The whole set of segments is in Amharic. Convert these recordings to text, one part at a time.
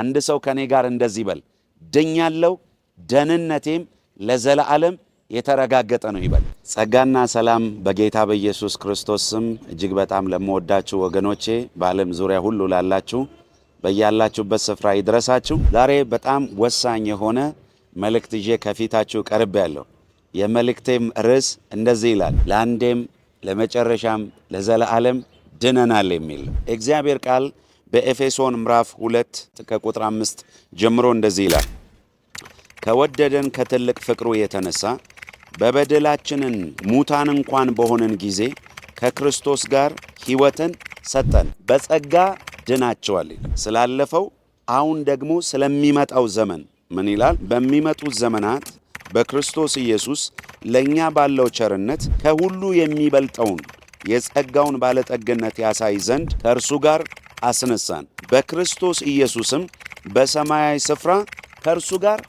አንድ ሰው ከኔ ጋር እንደዚህ በል ድኛለው፣ ደህንነቴም ለዘላለም የተረጋገጠ ነው ይበል። ጸጋና ሰላም በጌታ በኢየሱስ ክርስቶስ ስም እጅግ በጣም ለምወዳችሁ ወገኖቼ በዓለም ዙሪያ ሁሉ ላላችሁ በያላችሁበት ስፍራ ይድረሳችሁ። ዛሬ በጣም ወሳኝ የሆነ መልእክት ይዤ ከፊታችሁ ቀርብ ያለሁ። የመልእክቴም ርዕስ እንደዚህ ይላል፣ ለአንዴም ለመጨረሻም ለዘላለም ድነናል የሚል እግዚአብሔር ቃል በኤፌሶን ምዕራፍ 2 ከቁጥር 5 ጀምሮ እንደዚህ ይላል፣ ከወደደን ከትልቅ ፍቅሩ የተነሳ በበደላችንን ሙታን እንኳን በሆነን ጊዜ ከክርስቶስ ጋር ሕይወትን ሰጠን። በጸጋ ድናቸዋል ይላል። ስላለፈው አሁን ደግሞ ስለሚመጣው ዘመን ምን ይላል? በሚመጡት ዘመናት በክርስቶስ ኢየሱስ ለእኛ ባለው ቸርነት ከሁሉ የሚበልጠውን የጸጋውን ባለጠግነት ያሳይ ዘንድ ከእርሱ ጋር አስነሳን፣ በክርስቶስ ኢየሱስም በሰማያዊ ስፍራ ከእርሱ ጋር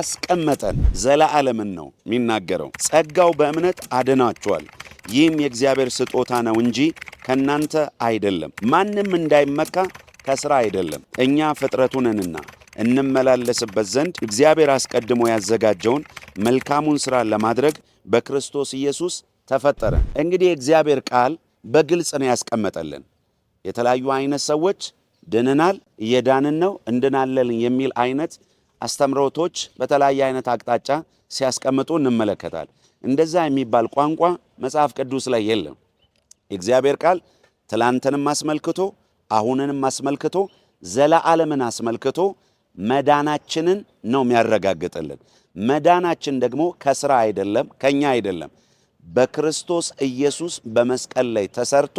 አስቀመጠን። ዘለዓለምን ነው የሚናገረው። ጸጋው በእምነት አድናችኋል። ይህም የእግዚአብሔር ስጦታ ነው እንጂ ከእናንተ አይደለም፣ ማንም እንዳይመካ ከሥራ አይደለም። እኛ ፍጥረቱ ነንና እንመላለስበት ዘንድ እግዚአብሔር አስቀድሞ ያዘጋጀውን መልካሙን ሥራ ለማድረግ በክርስቶስ ኢየሱስ ተፈጠረ። እንግዲህ የእግዚአብሔር ቃል በግልጽ ነው ያስቀመጠልን። የተለያዩ አይነት ሰዎች ድንናል፣ እየዳንን ነው፣ እንድናለን የሚል አይነት አስተምሮቶች በተለያየ አይነት አቅጣጫ ሲያስቀምጡ እንመለከታል። እንደዛ የሚባል ቋንቋ መጽሐፍ ቅዱስ ላይ የለም። የእግዚአብሔር ቃል ትላንትንም አስመልክቶ አሁንንም አስመልክቶ ዘለዓለምን አስመልክቶ መዳናችንን ነው የሚያረጋግጥልን። መዳናችን ደግሞ ከስራ አይደለም፣ ከኛ አይደለም። በክርስቶስ ኢየሱስ በመስቀል ላይ ተሰርቶ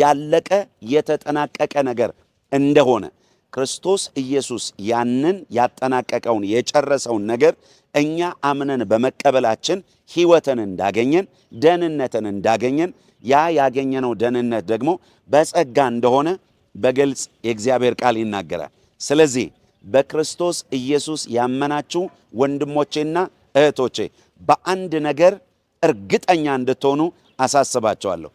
ያለቀ የተጠናቀቀ ነገር እንደሆነ ክርስቶስ ኢየሱስ ያንን ያጠናቀቀውን የጨረሰውን ነገር እኛ አምነን በመቀበላችን ሕይወትን እንዳገኘን ደህንነትን እንዳገኘን ያ ያገኘነው ደህንነት ደግሞ በጸጋ እንደሆነ በግልጽ የእግዚአብሔር ቃል ይናገራል። ስለዚህ በክርስቶስ ኢየሱስ ያመናችሁ ወንድሞቼና እህቶቼ በአንድ ነገር እርግጠኛ እንድትሆኑ አሳስባቸዋለሁ።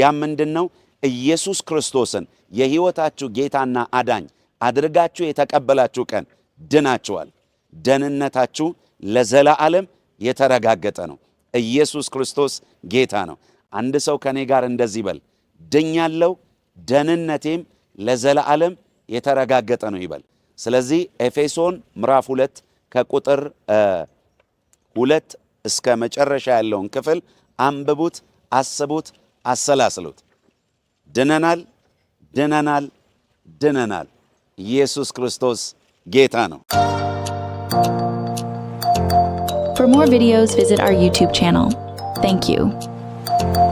ያም ምንድን ነው? ኢየሱስ ክርስቶስን የሕይወታችሁ ጌታና አዳኝ አድርጋችሁ የተቀበላችሁ ቀን ድናችኋል። ደህንነታችሁ ለዘላለም የተረጋገጠ ነው። ኢየሱስ ክርስቶስ ጌታ ነው። አንድ ሰው ከኔ ጋር እንደዚህ ይበል፣ ድኛለው፣ ደህንነቴም ለዘላለም የተረጋገጠ ነው ይበል። ስለዚህ ኤፌሶን ምዕራፍ ሁለት ከቁጥር ሁለት እስከ መጨረሻ ያለውን ክፍል አንብቡት፣ አስቡት፣ አሰላስሉት። ድነናል፣ ድነናል፣ ድነናል። ኢየሱስ ክርስቶስ ጌታ ነው። For more videos, visit our YouTube channel. Thank you.